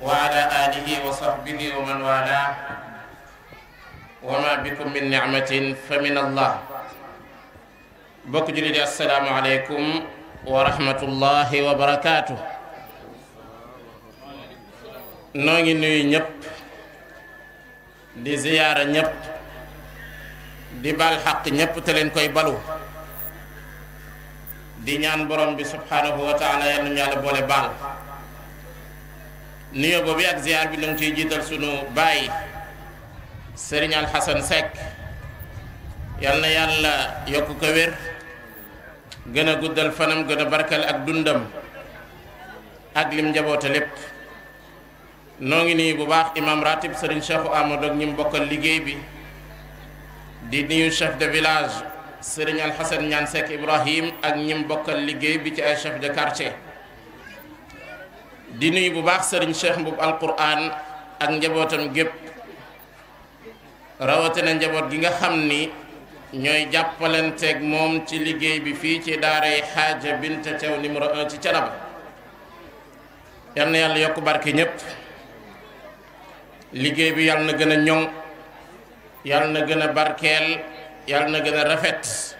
wa ala alihi wa sahbihi wa man wala wa bikum min nicmatin fa bokk julli di assalaamu aleykum wa rahmatullahi noo ngi nuyu ñëpp di ziyaara ñëpp di bal xaq ñëpp te koy balu di ñaan borom bi subhanahu wa taala yal baal nuyoo bi ak ziar bi nu ngi ciy jiital sunu bàyyi sëriñ Alxasan Seck yàlla yàlla yokk ko wér gën a guddal fanam gën a barkal ak dundam ak lim njaboote lépp noo ngi nuyu bu baax imam ratib sëriñ Cheikhu Amadou ak ñi mu bokkal liggéey bi di nuyu chef de village sëriñ Alxasan Ñaan Seck Ibrahim ak ñi bokkal liggéey bi ci ay chef de quartier di nuyu bu baax sëriñ Cheikh Mbub Alquraan ak njabootam gépp rawatina njaboot gi nga xam ni ñooy jàppalanteeg moom ci liggéey bi fii ci daaray xaaja Binta Thiaw numéro 1 ci Thiénaba yal na yàlla yokk barke ñépp liggéey bi yal na gën a ñoŋ yal na gën a barkeel yal na gën a rafet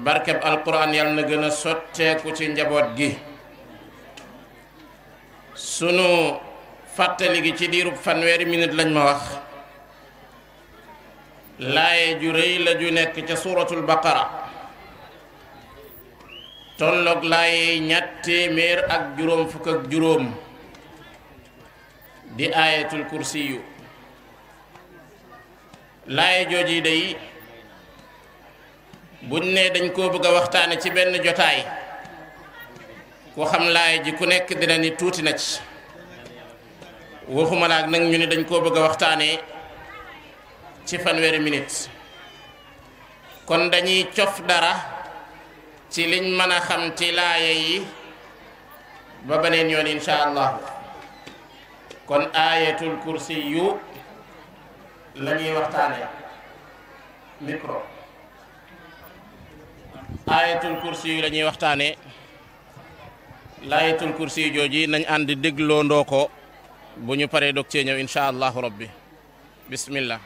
barkeb alquran yal na gën a sotteeku ci njaboot gi sunu fàttali gi ci diirub fanweeri minute lañ ma wax laaye ju rëy la ju nekk ca suuratul baqara tolloog laaye ñett téeméer ak juróom fukk ak juróom di aayatul kursiyu laaye jooji day buñ ne dañ koo bëgg a waxtaane ci benn jotaay waxam laay ji ku nekk dina ni tuuti na ci waxuma laak nag ñu ni dañ koo bëgg a waxtaanee ci fanweeri minute kon dañuy cof dara ci liñ mën a xam ci laaye yi ba beneen yoon insha allahu kon aayatul kursi yu la ñuy waxtaane micro aayatul kursi yu la waxtaane laayatul kursi jooji nañ ànd dégloo bu ñu paree dog cee ñëw allahu rabbi bismillah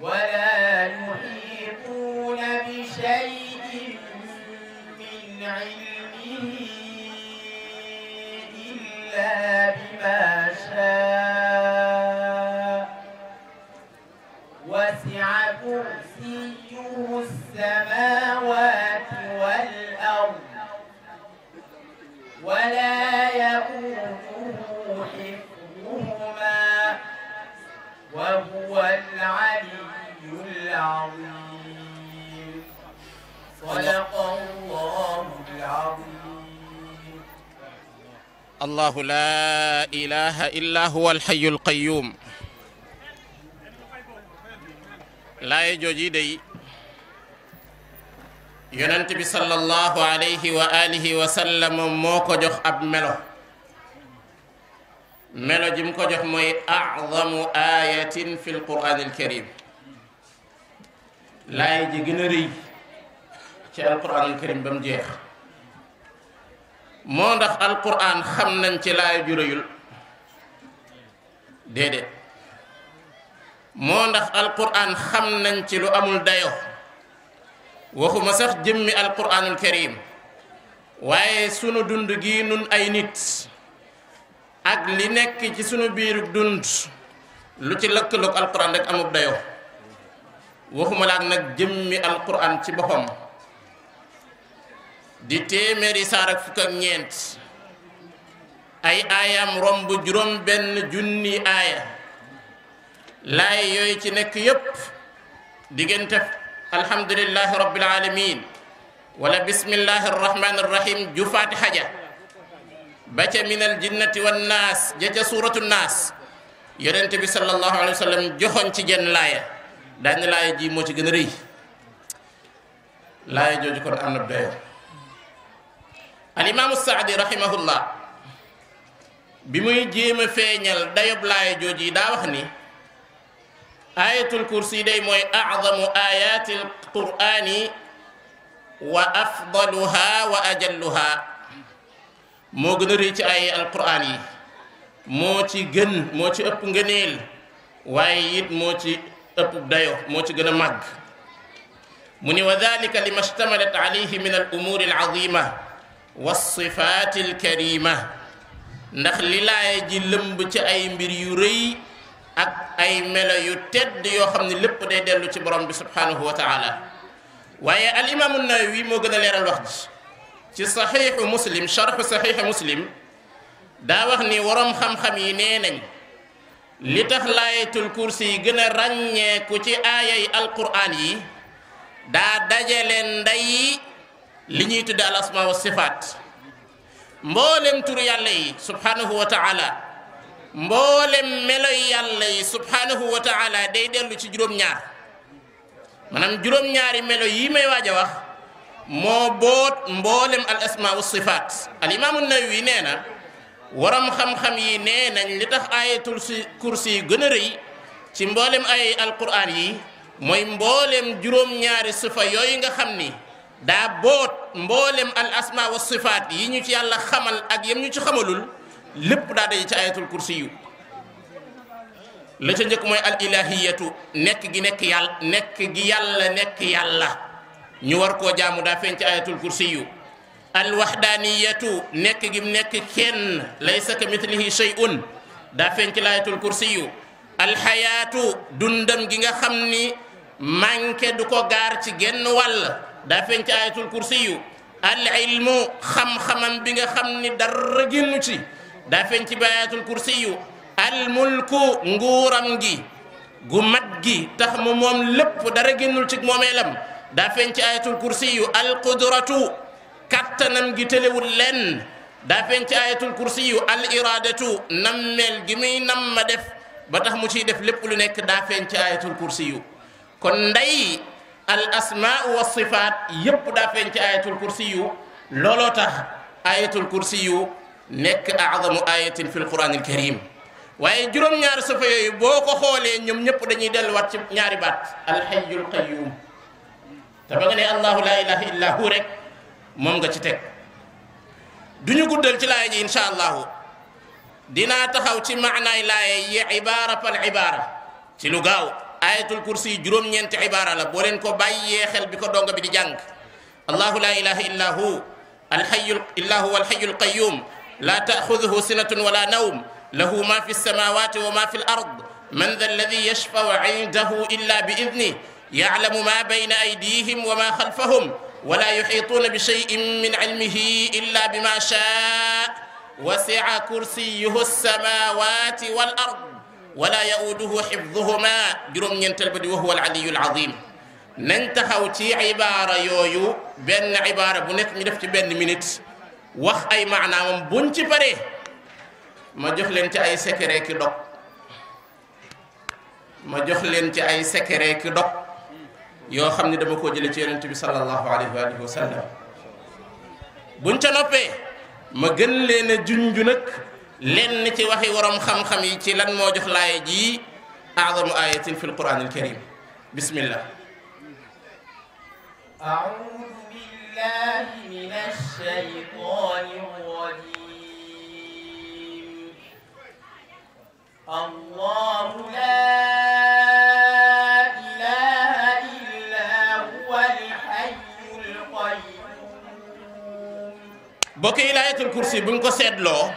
What? allahu laa ilaha illa huwa alxayu alqayuum laaye jooji day yonent bi sallallahu alayhi wa alihi wa sallam moo ko jox ab melo melo ji mu ko jox mooy acdamu ayatin fi alquran alkarim laaye ji gën a rëy ci alquran alkarim ba mu jeex moo ndax alquran xam nañ ci laay ju rëyul déedéet moo ndax alquran xam nañ ci lu amul dayo waxuma sax jëmmi alquranul karim waaye sunu dund gi nun ay nit ak li nekk ci sunu biiru dund lu ci lëkkaloog alquran rek amul dayo waxuma laak nag jëmmi alquran ci boppam di téeméeri saar fukk ak ñeent ay aayam romb juróom benn junni aaya laay yooyu ci nekk yépp diggante alhamdulillahi rabbil alamin wala bismillahi arrahmani irrahim ju fatiha ja ba ca minal jinnati wan naas ja ca suuratu naas yonent bi sallallahu alayhi wa sallam joxoon ci jenn laaya daañu laaya ji moo ci gën a rëy laaya jooju kon am na alimaamu saadi rahimahullah bi muy jéem a feeñal dayob laaya jooj yi daa wax ni ayatul kursi day mooy acdamu ayatil qur'ani wa afdaluha wa ajalluha moo gën a rëy ci ay alqur'an yi moo ci gën moo ci ëpp ngëneel waaye it moo ci ëpp dayo moo ci gën a màgg mu ni wa dalika lima shtamalat alayhi min al umuri al azima wasifaatil karima ndax li laaya ji lëmb ci ay mbir yu rëy ak ay melo yu tedd yoo xam ne lépp day dellu ci borom bi subhanahu wa taala waaye al imaamu nawawi moo gën a leeral wax ji ci saxiixu muslim sharxu saxiixu muslim daa wax ni waroom xam-xam yi nee nañ li tax laayatul kursi yi gën a ràññeeku ci aaya yi alquraan yi daa dajale nday li ñuy tudde al asma wa sifaat mboolem tur yàlla yi subhanahu wa taala mboolem meloy yàlla yi subhanahu wa taala day dellu ci juróom-ñaar maanaam juróom-ñaari melo yi may waaj a wax moo boot mboolem al asma wa sifaat al imaamu nawawi nee na waram xam-xam yi nee nañ li tax ayatul kursi yu gën a rëy ci mboolem ay alquran yi mooy mboolem juróom-ñaari sifa yooyu nga xam ni daa boot mboolem al asma wa sifaat yi ñu ci yàlla xamal ak yam ñu ci xamalul lépp daa daje ci ayatul kursi la ca njëkk mooy al ilahiyatu nekk gi nekk yàlla nekk gi yàlla nekk yàlla ñu war koo jaamu daa feeñ ci ayatul kursi yu al waxdaaniyatu nekk gi nekk kenn laysa ka mithlihi shay'un daa feeñ ci ayatul kursi yu al xayaatu dundam gi nga xam ni manqué du ko gaar ci genn wàll daa feeñ ci ayatul kursiyu al ilmu xam-xamam bi nga xam ni dara génnu ci daa feeñ ci ayatul kursiyu al mulku nguuram gi gu mat gi tax mu moom lépp dara génnul ci moomeelam daa feeñ ci ayatul kursiyu al qudratu kattanam gi tëlewul lenn daa feeñ ci ayatul kursiyu al iradatu nammeel gi muy nam ma def ba tax mu ciy def lépp lu nekk daa feeñ ci ayatul kursiyu kon ndey al asmaa wa sifaat yépp daa feeñ ci ayatul kursi yu looloo tax ayatul kursi yu nekk aadamu ayatin fil quraanil karim waaye juróom-ñaari safa yooyu boo ko xoolee ñoom ñëpp dañuy delluwaat ci ñaari baat alxayyul qayyum te ba nga ne allahu laa ilaha illa hu rek moom nga ci teg du ñu guddal ci laaya ji insha allahu dinaa taxaw ci maanaay laaya yi ibaara par ibaara ci lu gaaw ayatul kursi juróom-ñeenti ibaara la boo leen ko bàyyee xel bi ko donga bi di jàng allahu la ilaha illa hu alxayu illa huwa alxayu alqayum la taaxuduhu sinatun wala nawm lahu ma fi lsamawati wa ma fi l ard man da alladi yashfau indahu illa bi idnih yalamu ma bayna aydihim wa ma xalfahum wala yuxiituuna bi cheyin min cilmihi illa bima shaa wasica kursiyuhu alsamawati wal ard wala yauduhu xifduhuma juróom-ñeenteel ba di wa huwa al aliyul azim nañ taxaw ci ibaara yooyu benn ibaara bu nekk ñu def ci benn minit wax ay maanaamam buñ ci paree ma jox leen ci ay secret ki dog ma jox leen ci ay secret ki dog yoo xam ne dama koo jële ci yonent bi sallallahu alayhi wa alihi wa sallam ma gën leen a nag lenn ci waxi waroom xam-xam ci lan moo jox laay ji a'zamu ayatin fil qur'anil karim bismillah a'udhu billahi minash shaytanir rajim Allahu la bokk yi laayatul kursi bu ñu ko seetloo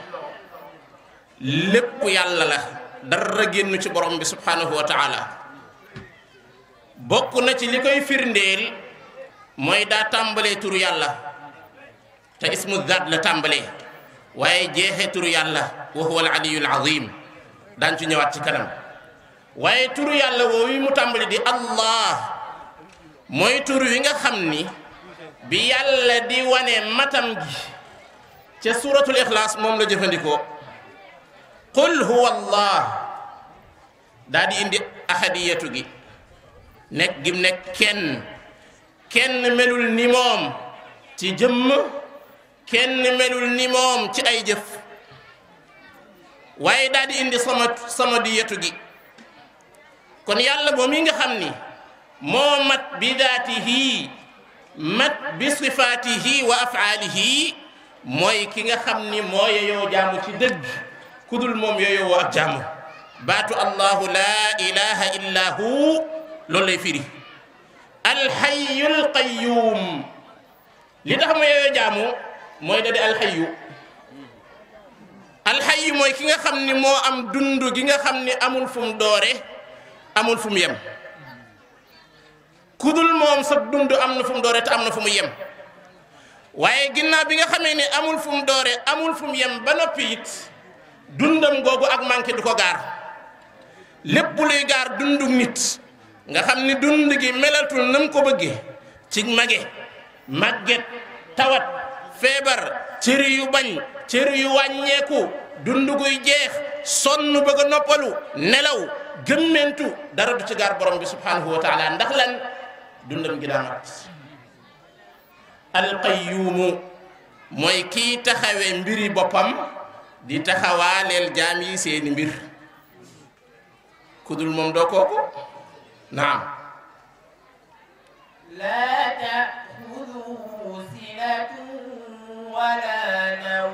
lépp yàlla la dara génn ci borom bi subhanahu wa taala bokk na ci li koy firndeel mooy daa tàmbalee tur yàlla te ismu zaat la tàmbalee waaye jeexee turu yàlla wa huwa al aliyul daan ci ñëwaat ci kanam waaye turu yàlla woowu mu tàmbali di allah mooy turu wi nga xam ni bi yàlla di wane matam gi ca suuratul ixlaas moom la jëfandikoo qul huwa allah daa indi ahadiyatu gi nekk gim nekk kenn kenn melul ni ci jëmm kenn melul ni moom ci ay jëf waaye daa di indi sama gi kon yàlla moom yi nga xam ni moo mat bi daatihi mat bi sifaatihi wa afaalihi mooy ki nga xam ni moo yeyoo jaamu ci dëgg kudul moom yooyowoo ak jaamu baatu allahu laa ilaha illa hu loolu lay firi alxayyul qayyum li mooy ki nga xam ni moo am dund gi nga xam ni amul fu mu doore amul fu mu yem kudul moom sa dund am na fu mu doore te am na fu mu yem waaye ginnaaw bi nga xamee ni amul fu doore amul fu yem ba noppi dundam googu ak manqué du ko gar lépp luy gar dundu nit nga xam ni dund gi melatul nam ko bëggee ci mage màgget tawat feebar cër yu bañ cër yu wàññeeku dund guy jeex sonn bëgg a noppalu nelaw gëmmentu dara du ci gar borom bi subhanahu wa taala ndax lan dundam gi daa mat alqayyuumu mooy kii taxawee mbiri boppam di taxawaaleel jaam yi seeni mbir kudul moom doo kooku naam laa ta'xuduhu sinatun wala nawm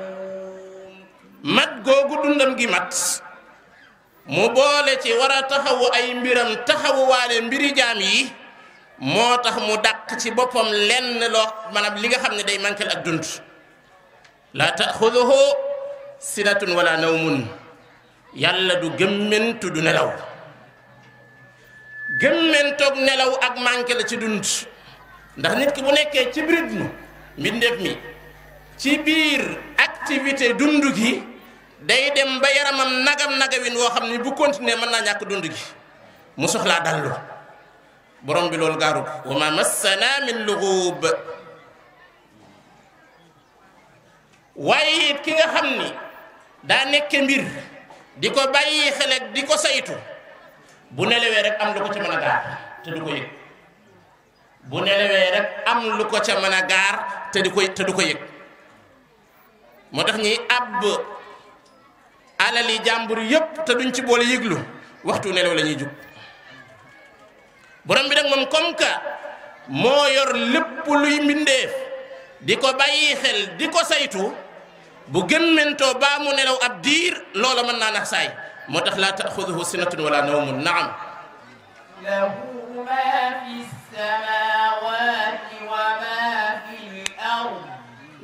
mat googu dundam gi mat mu boole ci war taxawu ay mbiram taxawuwaale mbiri jaam yi moo tax mu dàq ci boppam lenn loo maanaam li nga xam ne day manquel ak dund laa ta'xuduhu sinatun wala nawmun yàlla du gëmmentu du nelaw gëmmentoog nelaw ak manqué la ci dund ndax nit ki bu nekkee ci rythme mbindeef mi ci biir activité dund gi day dem ba yaramam nagam nagawin woo xam ni bu continuer mën naa ñàkk dund gi mu soxlaa dallu borom bi loolu gaaru ko wa ma massana min luxuub waaye it ki nga xam ni daa nekke mbir di ko bàyyi xel di ko saytu bu nelawee rek am lu ko ca mën a gaar te du ko yëg ko ca mën a gaar te du ko te du ko yëg moo tax ñuy àbb alali jàmbur yépp te duñ ci boole yëglu waxtu nelaw lañuy ñuy jug borom bi nag moom comme que moo yor lépp luy mbindeef di ko bàyyi xel di ko saytu bu gën mentoo baa mu nelaw ab diir loola mën naa nax saay moo tax laa taaxuduhu sinatun wala nawmun naam lahu ma fi samawati wa ma fi ard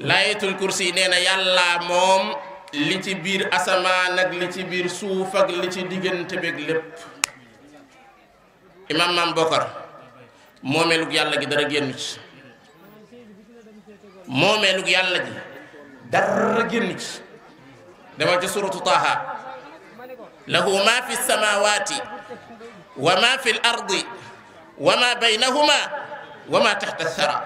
laayatul kursi nee na yàlla moom li ci biir asamaan ak li ci biir suuf li ci diggante beeg lépp imaam maam bokkar moomeelug yàlla gi dara génn ci moomeelug yàlla gi dara génn ci demal ci suratu taaha lahu ma fi samawati wa ma fi l wa ma baynahuma wa ma taxta sara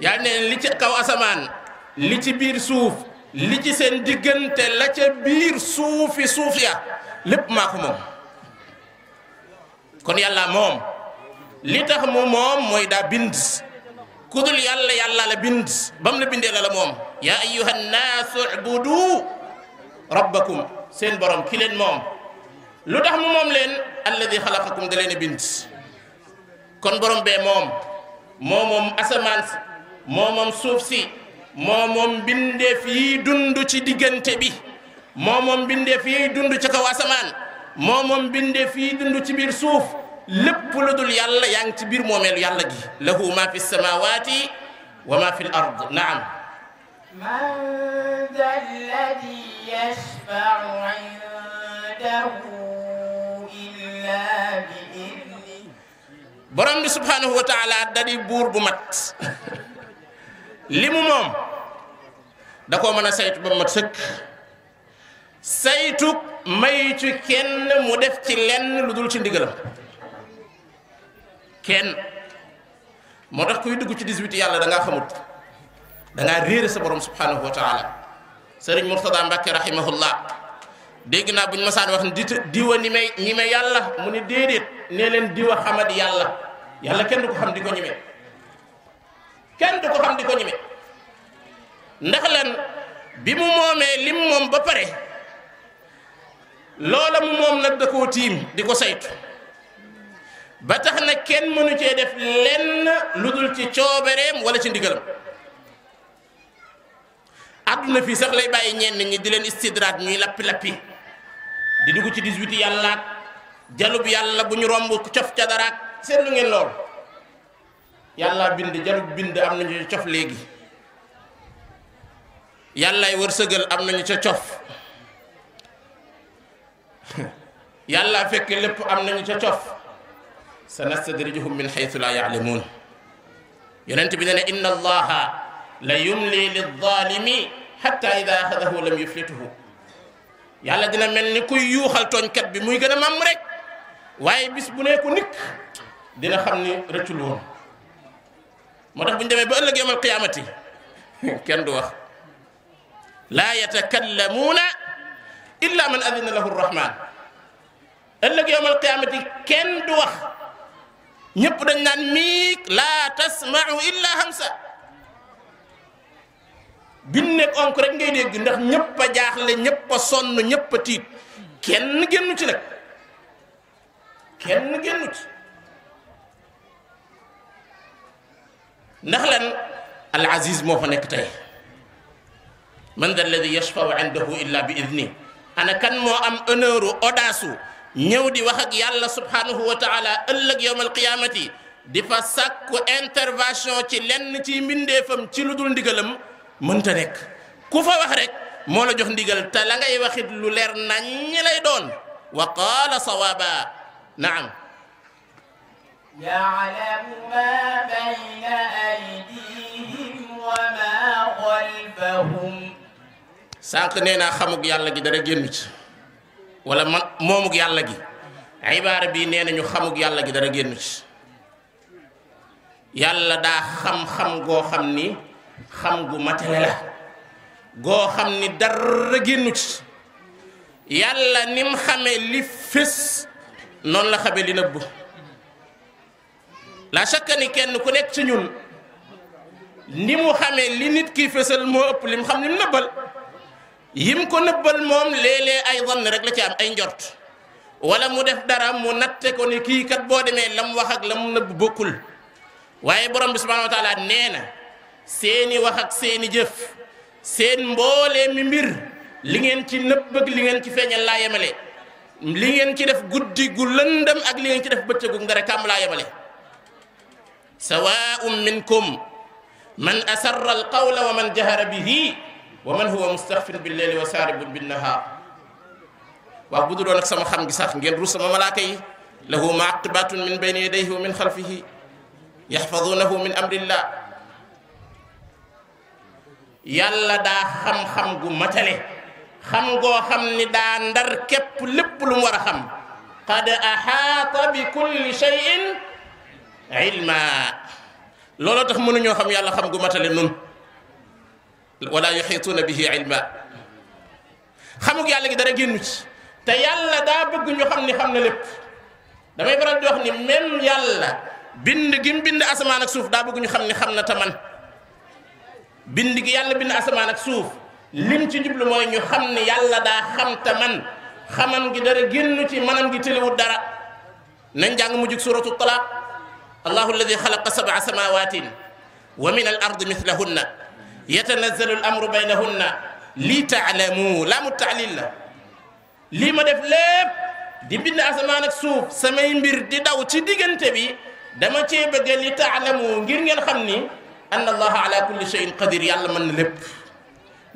yaa li ci kaw asamaan li ci biir suuf li ci seen diggante la ca biir suufi suuf ya lépp maa moom kon yàlla moom li tax mu moom mooy daa bind ku dul yàlla yàlla la bind bam mu la bindee la la moom yaa ayyuha nnaasu ubudu rabbakum seen borom ki leen moom lu tax mu moom leen alladi xalaqakum da leen a bind kon borom bee moom moo moom asamaan moo moom suuf si moo moom bindeef yi dund ci diggante bi moo moom bindeef yi dund ci kaw asamaan moo moom bindeef yi dund ci biir suuf lépp lu dul yàlla yaa ngi ci biir moomeelu yàlla gi lahu ma fi samawati wa ma fi l naam man da alladi yashfau indahu illa bi idni borom bi subhanahu wa taala dadi buur bu mat li mu moom da koo mën a saytu ba mat sëkk saytu mayu ci kenn mu def lenn lu dul ci kenn moo tax kuy dugg ci 18 yàlla da ngaa xamut da ngaa réere sa borom subhanahu wa taala sëriñ Murtada Mbàkke rahimahullah dégg naa buñ masaan wax ne di diwa ni may ñi may yàlla mu ne déedéet nee leen diwa xamadi yàlla yàlla kenn du ko xam di ko ñime kenn du ko xam di ko ñime ndax lan bi mu moomee lim moom ba pare loola mu moom nag da koo tiim di ko saytu ba tax na kenn mënu cee def lenn lu dul ci coobereem wala ci ndigalam àdduna fii sax lay bàyyi ñenn ñi di leen istidraat ñuy lappi lappi di dugg ci 18 yàllaat jalub yàlla bu ñu romb cof ca daraak seetlu ngeen lool yàlla bind jalub bind am nañu ca cof léegi yàllaay wërsëgal am nañu ca cof yàlla fekk lépp am nañu ca cof sanastadrijuhum min xaytu laa yaalamuun yonent bi ne ne inna allaha la yumli lilzaalimi xatta ida axadahu lam yuflituhu yàlla dina mel ni kuy yuuxal tooñkat bi muy gën a mam rek waaye bis bu ne ko nikk dina xam ni rëccul woon moo tax bu ñu demee ba ëllëg yawmal qiyaamati kenn du wax laa yatakallamuuna illa man adina lahu rrahman ëllëg yawmal qiyaamati kenn du wax ñëpp dañ naan miik laa tasmau illa hamsa biñ nekk onk rek ngay dégg ndax ñëpp a jaaxle ñëpp a sonn ñëpp a tiit kenn génnu ci nag kenn génnu ci ndax lan al aziz moo fa nekk tey man da alladi yashfau indahu illa bi idni ana kan moo am honneur audace ñëw di wax ak yàlla subhanahu wa taala ëllëg yowmal qiyaamati di fa sàkku intervention ci lenn ci mbindeefam ci lu dul ndigalam mënta nekk ku fa wax rek moo la jox ndigal te la ngay waxit lu leer nañ lay doon wa qaala sawaaba naam يعلم ما بين أيديهم وما خلفهم sànq nee naa xamug yàlla gi dara génn ci wala man moomug yàlla gi ibaara bii nee nañu xamuk yàlla gi dara génn ci yàlla daa xam-xam goo ni xam gu matale la goo xam ni dara génnu ci yàlla ni mu xamee li la xamee li nëbbu kenn ku nekk ci ñun ni mu xamee nit ki fésal moo ëpp li mu xam ni mu nëbbal yim ko nëbbal moom léeg-léeg ay wann rek la ci am ay njot wala mu def dara mu natte ko ni kii kat boo demee lam wax ak lam nëbb bokkul waaye borom bi subhanahu wa taala nee na seeni wax seeni jëf seen mboole mi mbir li ngeen ci nëbb li ngeen ci feeñal laa yemale li ngeen ci def guddi gu lëndëm ak li ngeen ci def bëccëgu dara kàmm laa yemale sawaa'un minkum man asarra al wa man jahara bihi wa man huwa mustaxfin bil leeli wa saaribun bin nahaar waaw bu du doon ak sama xam gi sax ngeen rus sama malaaka yi lahu maaqibatun min bayni yadayhi wa min xalfihi yaxfadunahu min amrillah yàlla daa xam-xam gu matale xam goo xam ni daa ndar képp lépp lu mu war a xam qad axaata bi kulli shay'in ilma looloo tax mënuñoo xam yàlla xam gu matale nun wala yuxiituuna bihi ilma xamuk yàlla gi dara génnu ci te yàlla daa bëgg ñu xam ni xam na lépp damay faral di wax ni même yàlla bind gi mu ak suuf daa bëgg ñu xam ni xam na te man bind gi yàlla bind asamaan ak suuf lim ci jublu mooy ñu xam ni yàlla daa xam te man xaman gi dara génnu ci manam gi tëliwut dara nañ jàng mu jug suratu talaaq allahu alladi xalaqa sab'a samawaatin wa min al ardi mithlahunna yatanazzalu al amru baynahunna lii taalamu laamu taalil la lii ma def lépp di bind asamaan ak suuf samay mbir di daw ci diggante bi dama cee bëgg li taalamu ngir ngeen xam ni anna allaha ala kulli shay'in qadir yàlla mën na lépp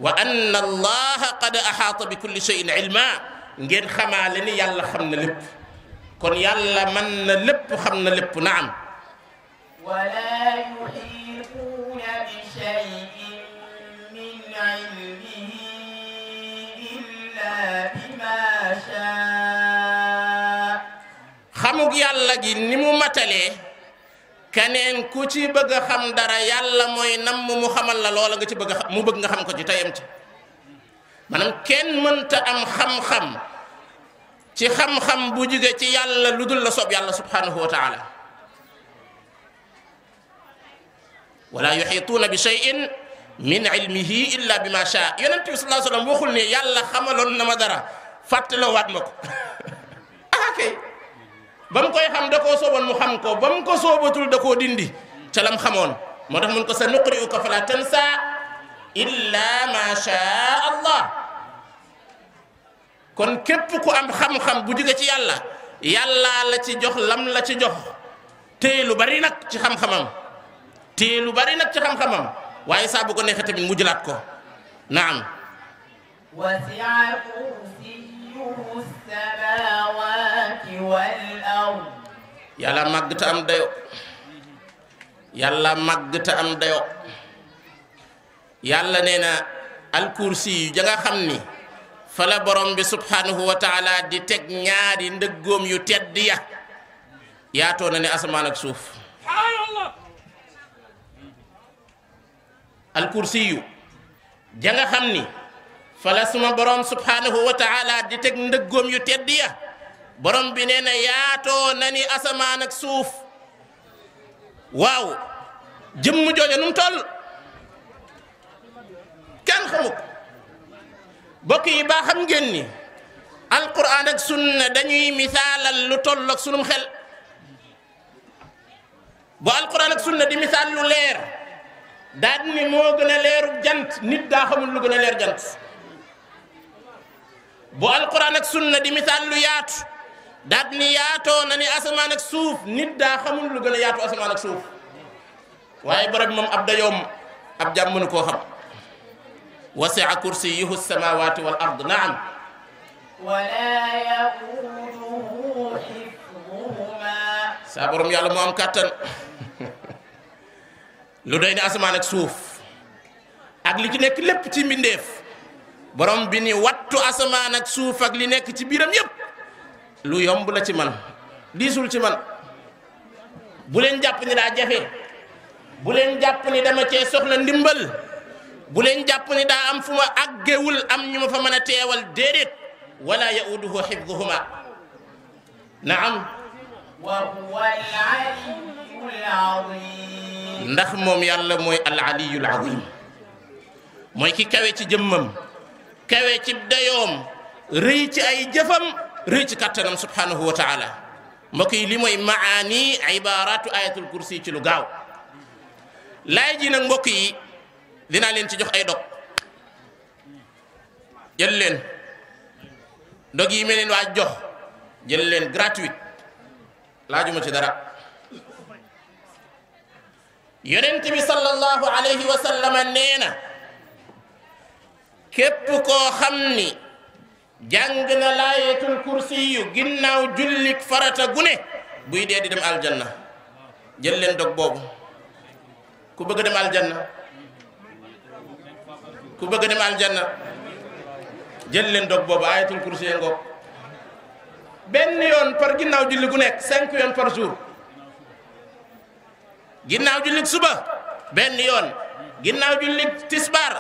wa anna allaha qad ahaata bi kulli shay'in ilma ngeen xamaale ni yàlla xam na lépp kon yàlla mën na lépp xam na lépp naam wala yuhiituuna bi shay'in علمه yàlla gi ni mu matalee keneen ku ci bëgg xam dara yàlla mooy nam mu xamal la loola nga ci bëgg xam mu bëgg nga xam ko ci teyam ci maanaam kenn mënta am xam-xam ci xam-xam bu jóge ci yàlla lu dul la soob yàlla subhanahu wa taala wala yuxiituuna bi cheyin min ilmihi illa bi ma sha yonent bi sallallahu alayhi wasallam waxul ne yàlla xamaloon na ma dara fàttalowaat ma ko ah kay ba mu koy xam da sooboon mu xam ko ba mu ko soobatul da koo dindi ca lam xamoon moo tax mun ko sa nuqri'uka fala tansa illa ma sha allah kon képp ku am xam-xam bu jóge ci yàlla yàllaa la ci jox lam la ci jox téye lu bari nag ci xam-xamam lu bari nag ci xam-xamam waaye saa bu ko neexee mu jëlaat ko naam wasi'a kursiyyuhu samaawaati wal ard yàlla màgg te am dayo yàlla màgg te am dayo yàlla nee na alkursi yu ja xam ni fa la borom bi subhanahu wa taala di teg ñaari ndëggoom yu tedd ya yaatoo na ne asamaan ak suuf alkursiyu ja nga xam ni fala suma borom subhanahu wa taala di teg ndëggoom yu tedd ya borom bi nee na yaatoo ni asamaan ak suuf waaw jëmm jooja nu mu toll kenn xamuk yi baa xam ngeen ni alquran ak sunna dañuy misaalal lu toll ak sunum xel bu alquran ak sunna di misaal lu leer daal ni moo gën a leeru jant nit daa xamul lu gën a leer jant bu alquran ak sunna di misaal lu yaatu daal ni yaatoo na ni suuf nit daa xamul lu gën a yaatu asamaan ak suuf waaye borom moom ab dayoom ab jàmm mënu koo xam wasia kursiyuhu samawati wal naam wala yaquduhu xifduhuma saa borom yàlla moo am kàttan lu doy ne asamaan ak suuf ak li ci nekk lépp ci mbindeef borom bi ni wattu asamaan ak suuf ak li nekk ci biiram yépp lu yomb la ci man diisul ci man bu leen jàpp ni daa jafe bu leen jàpp ni dama cee soxla ndimbal bu leen jàpp ni daa am fu ma àggewul am ñu ma fa mën a teewal déedéet wala yauduhu xifduhuma naam wa huwa al aliyyul azim ndax moom yàlla mooy al aliyul azim mooy ki kawe ci jëmmam kawe ci dayoom rëy ci ay jëfam rëy ci kattanam subhanahu wa taala mbokk yi li mooy ma maani ibaratu ayatul kursi ci lu gaaw laay ji nag mbokk yi dinaa leen ci jox ay dog jël leen dog yi mel leen waa jox jël leen gratuite laajuma ci dara yonent bi sallallahu alayhi wa nee na képp koo xam ni jàng na laayetul kursi ginnaaw jullik farata gune buy dee di dem aljanna jël leen dog boobu ku bëgg dem aljanna ku bëgg dem aljanna jël leen dog boobu ayatul kursi ngoog benn yoon par ginnaaw julli gu nekk cinq yoon par jour ginnaaw jullit suba benn yoon ginnaaw jullit tisbaar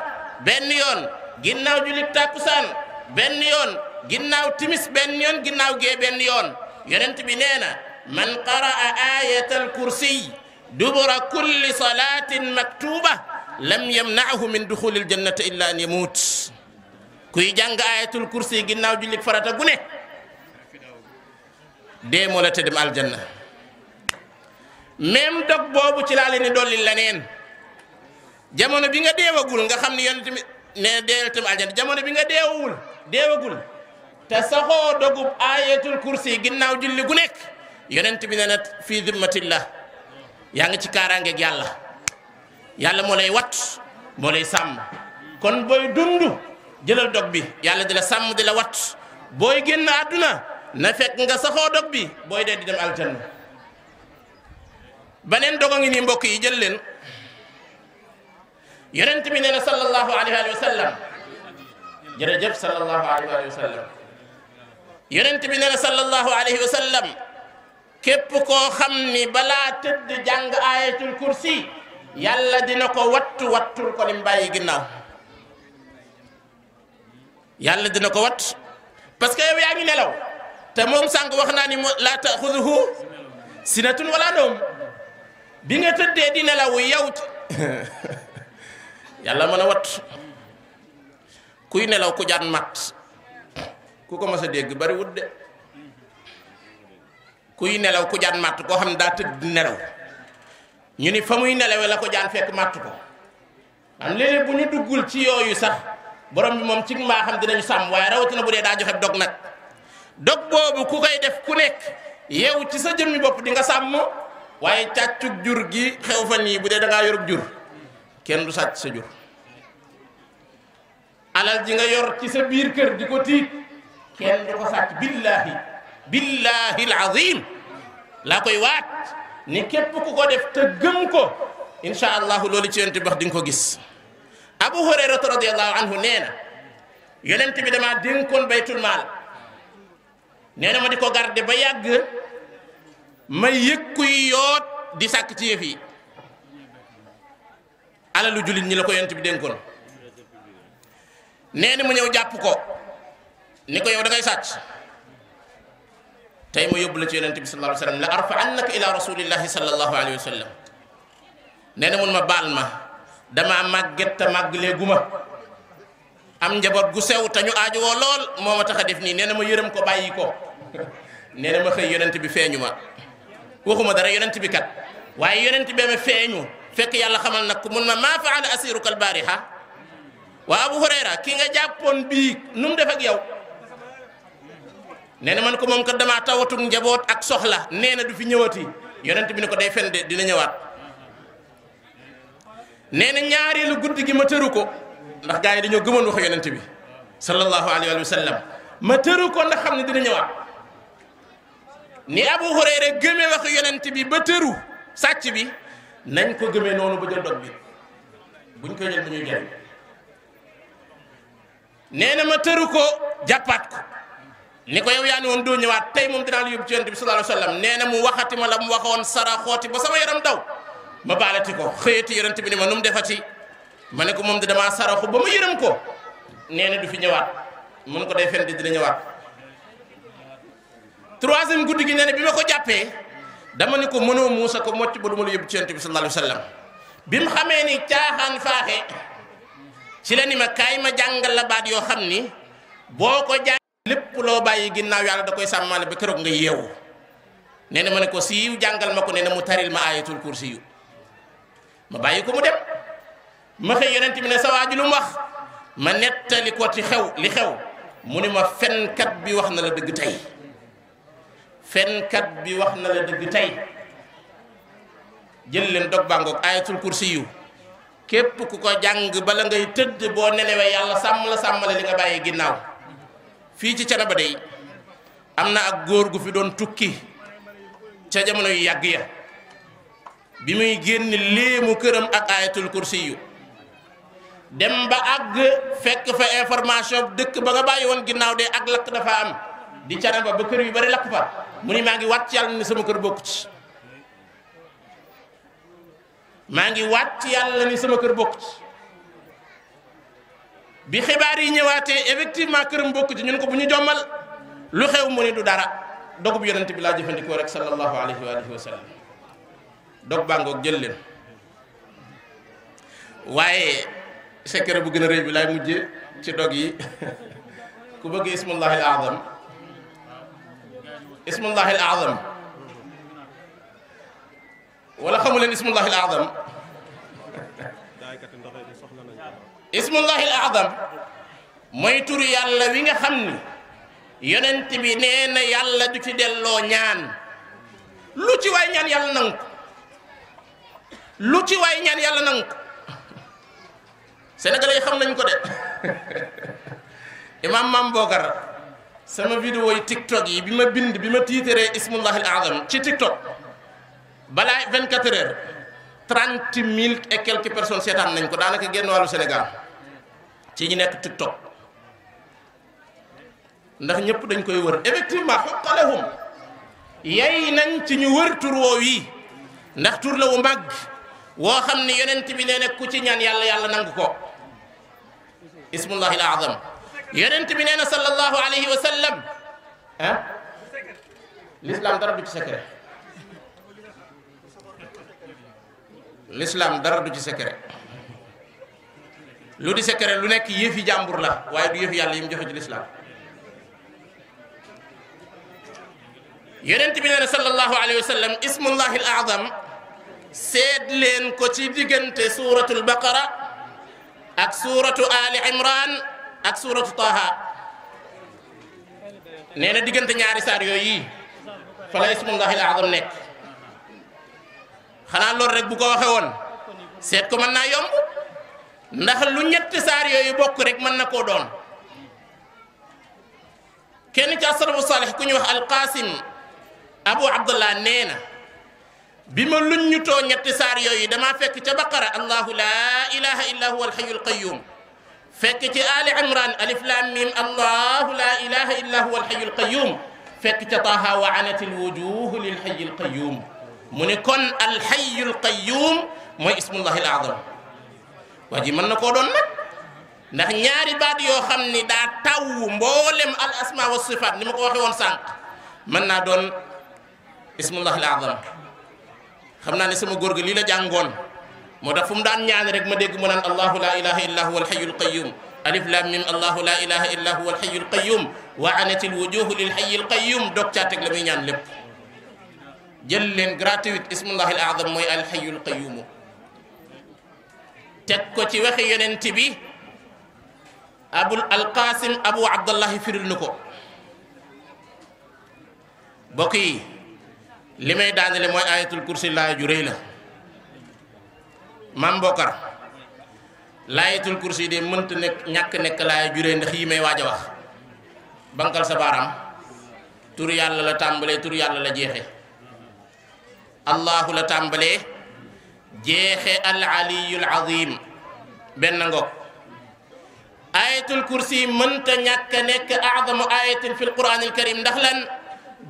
benn yoon ginnaaw jullit takkusaan benn yoon ginnaaw timis benn yoon ginnaaw gee benn yoon yonent bi na man qaraa ayatal kursiy dubura kulli salaatin maktuuba lam yamnaahu min duxulil jannati illa an yamuut kuy jàng ayatul kursi ginnaaw jullit farata gu ne dee moo la même dog boobu ci laa ne di dolli leneen jamono bi nga deewagul nga xam ni yonent bi ne deewal tamit aljana jamono bi nga deewagul deewagul te saxoo dogub aayatul kursi ginnaaw julli gu nekk yonent bi ne na fii la yaa ngi ci kaaraangeeg yàlla yàlla moo lay wat moo lay sàmm kon booy dund jëlal dog bi yàlla di la sàmm di la wat booy génn àdduna na fekk nga saxoo dog bi booy dee di dem aljanna baneen dogo ngi nii mbokk yi jël leen yonent na sallallahu alayhi wa sallam jërëjëf sallallahu alayhi wa sallam yonent bi nee na sallallahu alayhi sallam képp koo xam ni balaa tëdd jàng ayatul kursi yàlla dina ko wattu wattul ko lim bàyyi ginnaaw yàlla dina ko watt parce que yow yaa ngi nelaw te moom sànq wax naa ni laa taxuduhu sinatun wala nawm bi nga tëddee di nelawu yow ci yàlla mën a wat kuy nelaw ku jaan mat ku ko mas a dégg bariwut de kuy nelaw ku jaan màtt koo xam ne daa tëdd di nelaw ñu ni fa muy nelawee la ko jaan fekk matt ko am léeg-léeg bu ñu duggul ci yooyu sax borom bi moom ci mbaa xam dinañu sàmm waaye rawatina bu dee daa joxe dog nag dog boobu ku koy def ku nekk yow ci sa jëmmi bopp di nga sàmm waaye càccug jur gi xew fan yii bu dee da ngaa yorub jur kenn du sàcc sa jur alal ji nga yor ci sa biir kër di ko tiit kenn du ko sàcc billaahi billaahi alazim laa koy waat ni képp ku ko def te ko incha allahu loolu ci yonent bi wax di nga ko gis abu hurayrata radiallahu anhu nee na damaa dénkoon baytul maal nee ma di ko garde ba yàgg may yëg kuy yoot di sàkk ci yëf yi alalu jullit ñi la ko yonent bi dénkoon nee na mu ñëw jàpp ko ni ko yow da ngay sàcc tey mu yóbbu la ci yonent bi sallallahu alayhi wa sallam la arfa annaka ila rasulillahi sallallahu wa sallam nee na mun ma baal ma dama màgget te màggleegu ma am njaboot gu sew te ñu aaju woo lool moo ma tax a def nii nee na ma yërëm ko bàyyi ko nee ma xëy yonent bi feeñu ma waxuma dara yonent bi kat waaye yonent bi ma feeñu fekk yàlla xamal nag ku mun ma maa faala asiruka albaariha wa abu hurayra ki nga jàppoon bii num mu def ak yow nee na man ko moom kat damaa tawatuk njaboot ak soxla nee na du fi ñëwaati yonent bi ne ko day fen dina ñëwaat nee na ñaareelu guddi gi ma tëru ko ndax gars yi dañoo gëmoon wax yonent bi sallallahu alayhi wa sallam ma tëru ko ndax xam ne dina ñëwaat ni Abu rek gëme waxu yonent bi ba tëru sàcc bi nañ ko gëmee noonu ba jël dog bi buñ ko jël bu ñuy jël nee na ma tëru ko jàppaat ko ni ko yow woon doo ñëwaat tey moom dinaa la yóbbu ci yonent bi sallallahu alayhi nee na mu waxati ma la mu waxoon sara xooti ba sama yaram daw ma baalati ko xëyati yonent bi ni ma nu mu defati ma ne ko moom di damaa saraxu ba ma yërëm ko nee na du fi ñëwaat mun ko day fen di dina ñëwaat troisième guddi gi nee na bi ma ko jàppee dama ne ko mënoo muusa ko mocc ba du ma la yóbbu ci yonent bi sallallahu bi mu xamee ni caaxaan faaxe ci ni ma kaay ma jàngal la baat yoo xam ni boo ko jàng lépp loo bàyyi ginnaaw yàlla da koy sàmmaale ba keroog nga yeewu nee na ma ne ko siiw jàngal ma ko nee na mu taril ma ayatul kursi yu ma bàyyi ko mu dem ma xëy yonent bi ne sa lu mu wax ma nettali ko ci xew li xew mu ne ma fenkat bi wax na la dëgg tey fenkat bi wax na la dëgg tey jël leen dog bàngoog ayatul kursi yu képp ku ko jàng bala ngay tëdd boo nelewee yàlla sàmm la sàmm la li nga bàyyi ginnaaw fii ci Canaba day am na ak góor gu fi doon tukki ca jamono yu yàgg ya bi muy génn léemu këram ak ayatul kursi yu dem ba àgg fekk fa information dëkk ba nga bàyyi woon ginnaaw de ak lakk dafa am di Canaba ba kër yu bari lakk fa mu ni maa ngi waat ci yàlla ni sama kër bokku ci maa ngi waat ci yàlla ni sama kër bokku ci bi xibaar yi ñëwaatee effectivement këram bokku ci ñun ko bu ñu jommal lu xew mu ni du dara dogub yonent bi laa jëfandikoo rek sallallahu alayhi wa alihi wa sallam dog bàngoog jël leen waaye secret bu gën a rëy bi laay mujjee ci dog yi ku bëgg ismullahil azam ismullahi al azam wala xamu leen ismullahi al azam ismullahi al azam mooy turu yàlla wi nga xam ni yonent bi nee na yàlla du ci delloo ñaan lu ci ñaan yàlla nangu ko lu ci waay ñaan yàlla nangu ko sénégalais yi xam nañ ko de imam mam bookar sama vidéo yi TikTok yi bi ma bind bi ma tiitaree ismullahil azam ci TikTok balaa vingt heures 30 mille et quelques personnes seetaan nañ ko daanaka génn wàllu Sénégal ci ñu nekk TikTok ndax ñëpp dañ koy wër effectivement xoqalehum yay nañ ci ñu wër tur woow yi ndax tur la wu màgg woo xam ne yonent bi nee na ci ñaan yàlla yàlla nangu ko ismullahil azam yonent bi nee na sallallahu alayhi wa sallam ah l'islam dara du ci secret l'islam dara du ci secret lu di secret lu nekk yëfi jàmbur la waaye du yëfi yàlla yi mu joxe ci l'islam yonent bi nee na sallallahu alayhi wa sallam ismullahi al azam seet leen ko ci diggante suratul baqara ak suratu ali imran ak suuratu Taaha nee na diggante ñaari saar yooyu fa la ismullahil azam nekk xanaa loolu rek bu ko waxee woon seet ko mën naa yomb ndax lu ñetti saar yooyu bokk rek mën na koo doon kenn ci asalafu saalih ku ñu wax alqaasim abu abdullah nee na bi ma luñ ñu ñetti saar yooyu damaa fekk ca baqara allahu laa ilaha illa huwa alxayu alqayum fekk ci ali imran alif mim allahu la ilaha illa huwa alhayyul qayyum fekk ca taaha wa anatil wujuh lil hayyil qayyum mu ne kon alhayyul qayyum mooy ismullahi al azam waa ji mën na koo doon nag ndax ñaari baat yoo xam ni daa taw mboolem al wa sifaat ni ma ko waxe woon sànq mën naa doon ismullahi al azam xam naa ne sama góor gi lii moo tax fu mu daan ñaan rek ma dégg mu naan allahu laa ilaha illa huwa alhayyul qayyum alif lam mim allahu laa ilaha illa huwa alhayyul qayyum wa anatil wujuhu lil hayyil qayyum doog caa teg la muy ñaan lépp jël leen gratuite ismullahi al azam mooy alhayyul qayyum teg ko ci waxi yonent bi abul alqasim abu abdallahi firil nu ko bokk yi li may daanale mooy ayatul kursi laa ju rëy la maam Bokar laayatul kursi de mënta nekk ñàkk nekk laaya juree ndax yi may waaj a wax bankal sa baaraam tur yàlla la tàmbalee tur yàlla la jeexe allahu la tàmbalee jeexe al aliyul azim benn ngoog ayatul kursi mënta ñàkk nekk aadamu ayatin fil quranil karim ndax lan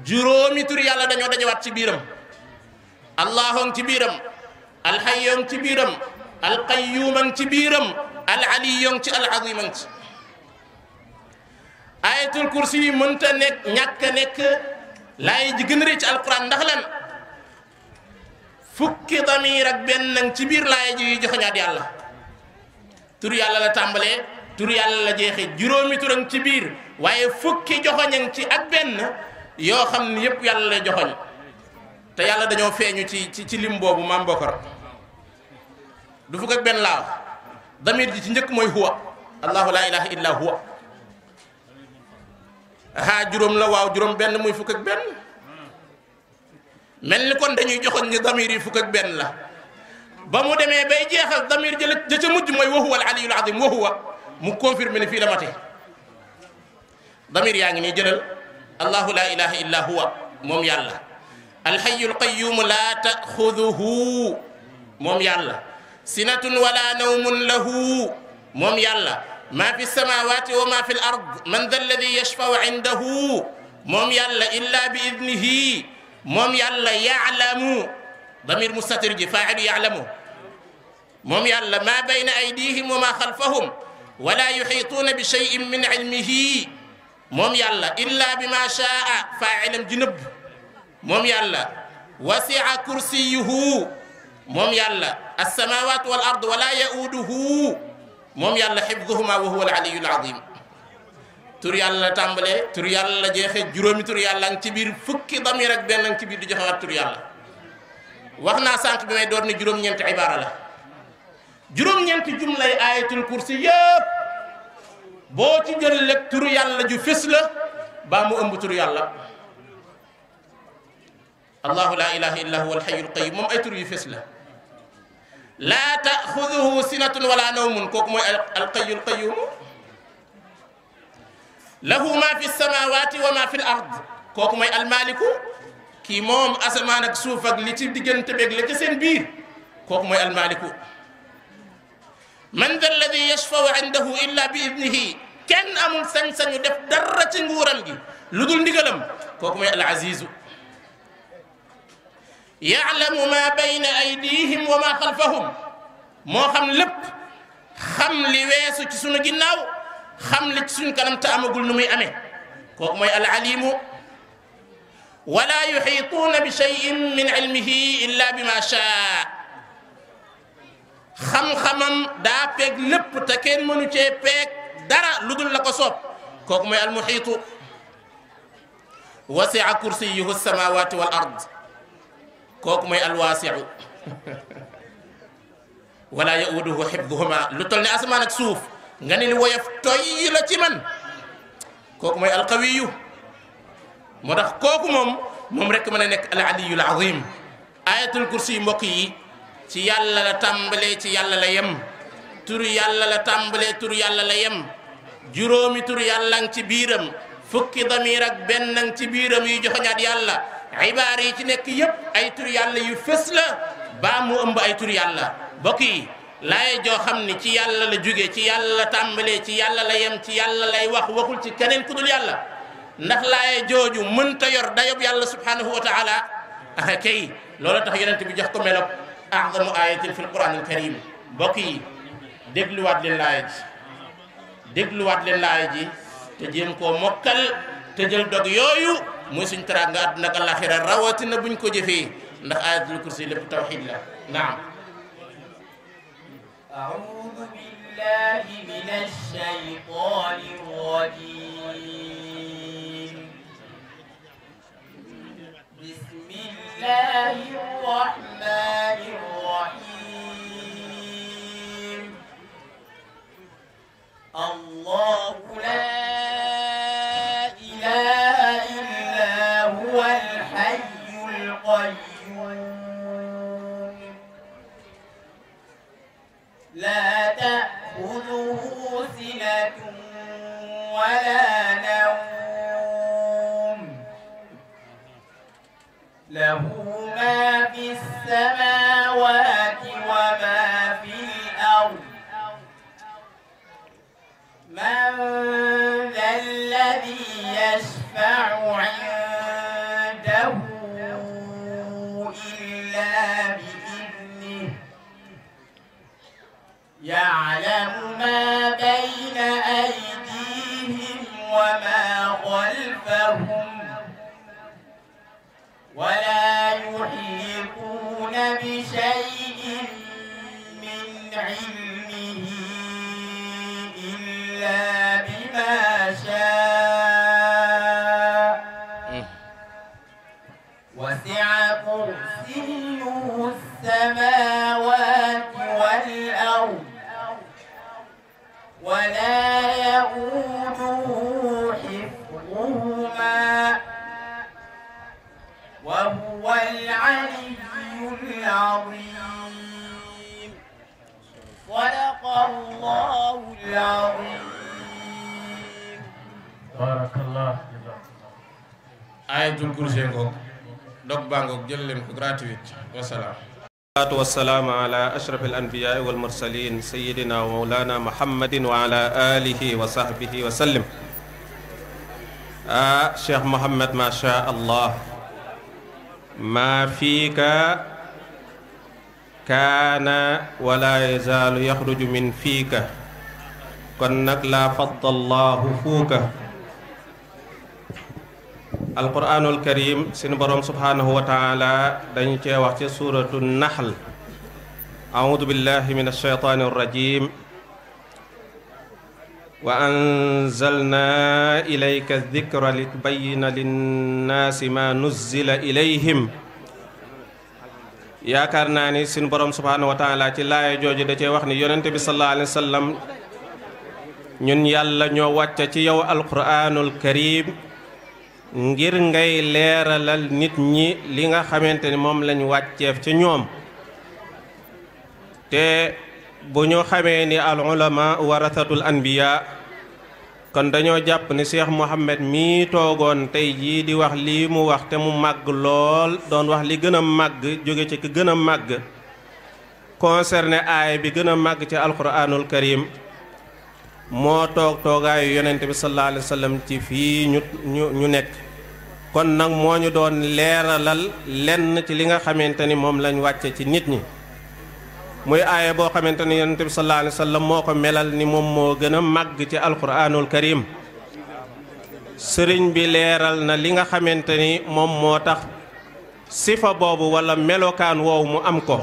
juróomi tur yàlla dañoo dajawaat ci biiram allahon ci biiram alxayyong ci biiram alqayyuuman ci biiram alaliyong ci alaziman ci ayatul kursi yu mënta nekk ñàkk a nekk laay ji gën a rëy ci alquran ndax lan fukki damir ak benn ci biir laay ji joxe yàlla tur yàlla la tàmbalee tur yàlla la jeexee juróomi turam ci biir waaye fukki joxoñang ci ak benn yoo xam ne yépp yàlla lay joxoñ te yàlla dañoo feeñu ci ci lim boobu maam du fukk benn laaw damir ji ci njëkk mooy huwa allahu laa ilaha illa huwa haa juróom la waaw juróom benn muy fukk benn mel ni kon dañuy joxoon ni damir yi fukk benn la ba mu demee bay jeexal damir jëla ja ca mujj mooy wa huwa al aliyul wa mu confirme ne fii la mate damir yaa ngi nii jëlal allahu laa ilaha illa huwa moom yàlla alxayul qayumu laa taxuduhu moom yàlla sinatun wala nawmun lahu moom yàlla maa fi samawati wa maa fi l ard man da alladi yashfau indahu moom yàlla illa bi idnihi moom yàlla yaalamu damir mustatir ji faa'ilu yaalamu moom yàlla maa bayna aydihim wa maa xalfahum wala yuxiituuna bi cheyin min ilmihi moom yàlla illa bi ma shaa faa'ilam ji nëbb moom yàlla wasi'a kursiyuhu moom yàlla alsamawat wal ard wala yauduhu moom yàlla xifduhuma wa huwa al aliyul azim tur yàlla tàmbalee tur yàlla jeexee juróomi tur yàlla ngi ci biir fukki damir ak benn ngi ci biir di joxewaat tur yàlla wax naa sànq bi may door ni juróom-ñeenti ibaara la juróom-ñeenti jumlay ayatul kursi yëpp boo ci jël lekk tur yàlla ju fés la baa mu ëmb tur yàlla allahu la ilaha illa huwa alxayyul qayyum moom ay tur yu fés la laa taaxuduhu sinatun wala nawmun kooku mooy alqayyul qayyum lahu ma fi samawati wa ma fi l ard kooku mooy almaliku kii moom asamaan ak suuf ak li ci diggante beeg la ca seen biir kooku mooy almaliku man da alladi yashfau indahu illa bi idnihi kenn amul sañ-sañu def dara ci nguuram gi lu dul ndigalam kooku mooy alazizu yaalamu ma bayna aydihim wa ma xalfahum moo xam lépp xam li weesu ci sunu ginnaaw xam li ci suñ kanam te amagul nu muy amee kooku mooy alalimu wala yuxiituuna bi cheyin min ilmihi illa bi ma chaa xam-xamam daa peeg lépp te kenn mënu cee peeg dara lu dul la ko soob kooku mooy almuxiitu wasia kursiyuhu samawati wal ard kooku mooy alwaasiu wala yauduhu xibduhuma lu tol ne asamaan suuf nga ni li woyof toy la ci man kooku mooy alqawiyu moo tax kooku moom moom rek mën a nekk al aliyul azim ayatul kursi mbokk yi ci yàlla la tàmbalee ci yàlla la yem tur yàlla la tàmbalee tur yàlla la yem juróomi tur yàlla ci biiram fukki damiir ak benn ngi ci biiram yu joxoñaat yàlla ibaar yi ci nekk yépp ay tur yàlla yu fës la baa mu ëmb ay tur yàlla bokk yi laaye joo xam ni ci yàlla la jóge ci yàlla la tàmbalee ci yàlla la yem ci yàlla lay wax waxul ci keneen ku dul yàlla ndax laaye jooju mënta yor dayob yàlla subhanahu wa taala ah kay loola tax yonent bi jox ko melob ahdamu ayatin fi lquran al karim mbokk yi dégluwaat leen laaye ji dégluwaat leen laaye ji te jéem koo mokkal te jël dog yooyu muy suñ teraanga àdduna ak alaxira rawatina buñ ko jëfee ndax ayatul kursi lépp tawxiid la naam أعوذ بالله من الشيطان الرجيم بسم الله الرحمن الرحيم الله لا ولا نوم له ما في السماوات وما في الأرض من ذا الذي يشفع عنده إلا بإذنه يعلم ما بين العظيم صدق الله العظيم بارك الله ayatul kursi ngoog dog baa ngoog jël leen ko gratuite wasalaam salaatu wasalaamu ala ashraf al anbiyaa wal mursalin sayidina wa mawlana muhammadin wa ala alihi wa sahbihi wa sallim ah cheikh mohammad ma sha allah ma fiika kaana wala yazaalu yaxruju min fiika kon nag laa faddallaahu fuuka alquraanul karim sunu boroom subhaanahu wa taala dañu cee wax ci suuratu naxl audu billahi min alsheytaani arrajim wa anzalna ilayka dikra litubayina linnaasi ma nuzzila ilayhim yaakaar naa ni suñu borom subhaanahu wa ci laaya jooju da cee wax ni yonente bi sallallahu alayhi wa ñun yàlla ñoo wàcce ci yow alquraanul karim ngir ngay leeralal nit ñi li nga xamante ni moom lañu wàcceef ci ñoom te bu ñu xamee ni al ulama warasatul anbiya kon dañoo jàpp ni Cheikh Mouhamed mii toogoon tey jii di wax lii mu wax te mu màgg lool doon wax li gën a màgg jóge ci ki gën a màgg concerné aay bi gën a màgg ci alquranul karim moo toog toogaayu yonent bi sallallahu alayhi wa sallam ci fii ñu ñu nekk kon nag moo ñu doon leeralal lenn ci li nga xamante ni moom lañ wàcce ci nit ñi muy aaya boo xamante ni yonent bi sallallahu alayhi la moo ko melal ni moom moo gën a màgg ci alquraanul karim sëriñ bi leeral na li nga xamante ni moom moo tax sifa boobu wala melokaan woow mu am ko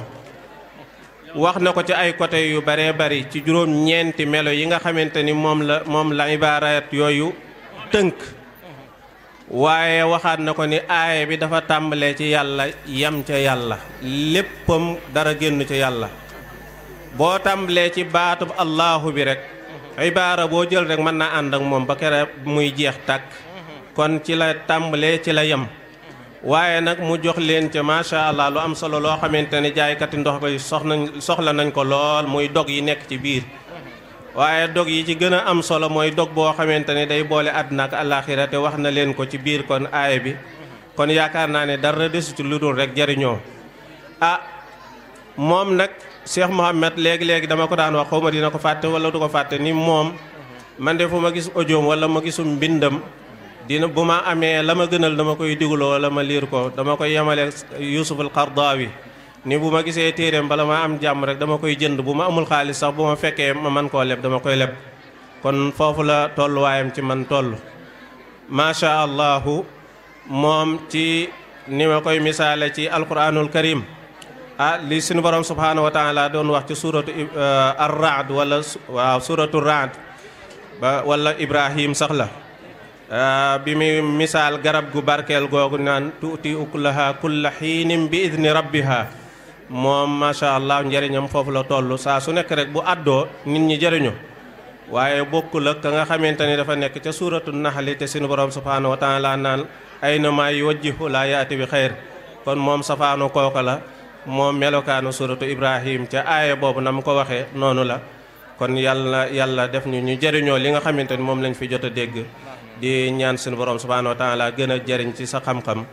wax na ko ci ay côté yu baree bari ci juróom ñeenti melo yi nga xamante ni moom la moom la ibaaraat yooyu tënk waaye waxaat na ko ni aaye bi dafa tàmbalee ci yàlla yam ca yàlla léppam dara génn ca yàlla boo tàmbalee ci baatub allahu bi rek ibaara boo jël rek mën naa ànd ak moom ba kere muy jeex tàkk kon ci la tàmbalee ci la yem waaye nag mu jox leen ca macha allah lu am solo loo xamante ne jaaykati ndox koy soxla soxla nañ ko lool muy dog yi nekk ci biir waaye dog yi ci gën a am solo mooy dog boo xamante ne day boole àddina ak àllaaxira te wax na leen ko ci biir kon aaya bi kon yaakaar naa ne dara desut lu dul rek jariñoo ah moom nag Cheikh Mouhamed léegi-léegi dama ko daan wax xaw ma dina ko fàtte wala du ko fàtte ni moom man de fu ma gis audioom wala ma gisu mbindam dina bu ma amee la ma gënal dama koy digloo wala ma liir ko dama koy yemale Yusuf al Qardawi ni bu ma gisee téeréem bala ma am jàmm rek dama koy jënd bu ma amul xaalis sax bu ma fekkee ma man koo leb dama koy leb kon foofu la tolluwaayam ci man toll macha allahu moom ci ni ma koy misaale ci alquranul karim ah li suñu borom subhaanahu wa taala doon wax ca suuratu eh, ar raad wala waaw suuratu raad ba wala ibrahim sax la ah, bi muy misaal garab gu barkeel googu naan tuuti ukulaha kulla xiinim bi idni rabbiha moom macha allah njëriñam foofu la toll saa su nekk rek bu àddoo nit ñi jëriñu waaye bokkul ak ka nga xamante ni dafa nekk ca suuratu naxli te suñu borom subhaanahu wa naan ay na maa yuwajjihu laa yaati bi xayr kon moom safaanu kooka la moom melokaanu suratu ibrahim ca aaya boobu na mu ko waxee noonu la kon yàlla yàlla def ñu ñu jariñoo li nga xamante ni moom lañu fi jot a dégg di ñaan suñu borom subhanahu wa taala gën a jëriñ ci sa xam-xam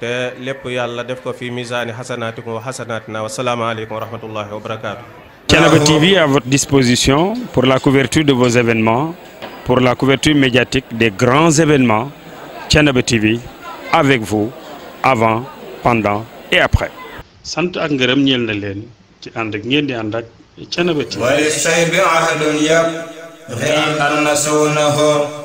te lépp yàlla def ko fi misaani xasanaatikum wa xasanaatina wa salaamaaleykum wa rahmatullahi wa barakaatu. Thiénaba TV à votre disposition pour la couverture de vos événements pour la couverture médiatique des grands événements Thiénaba TV avec vous avant pendant sant ak ngërëm ñeel na leen ci ànd ak ngeen di ànd ak Thiénaba TV wali say bi ahadun yàpp ri an na suuna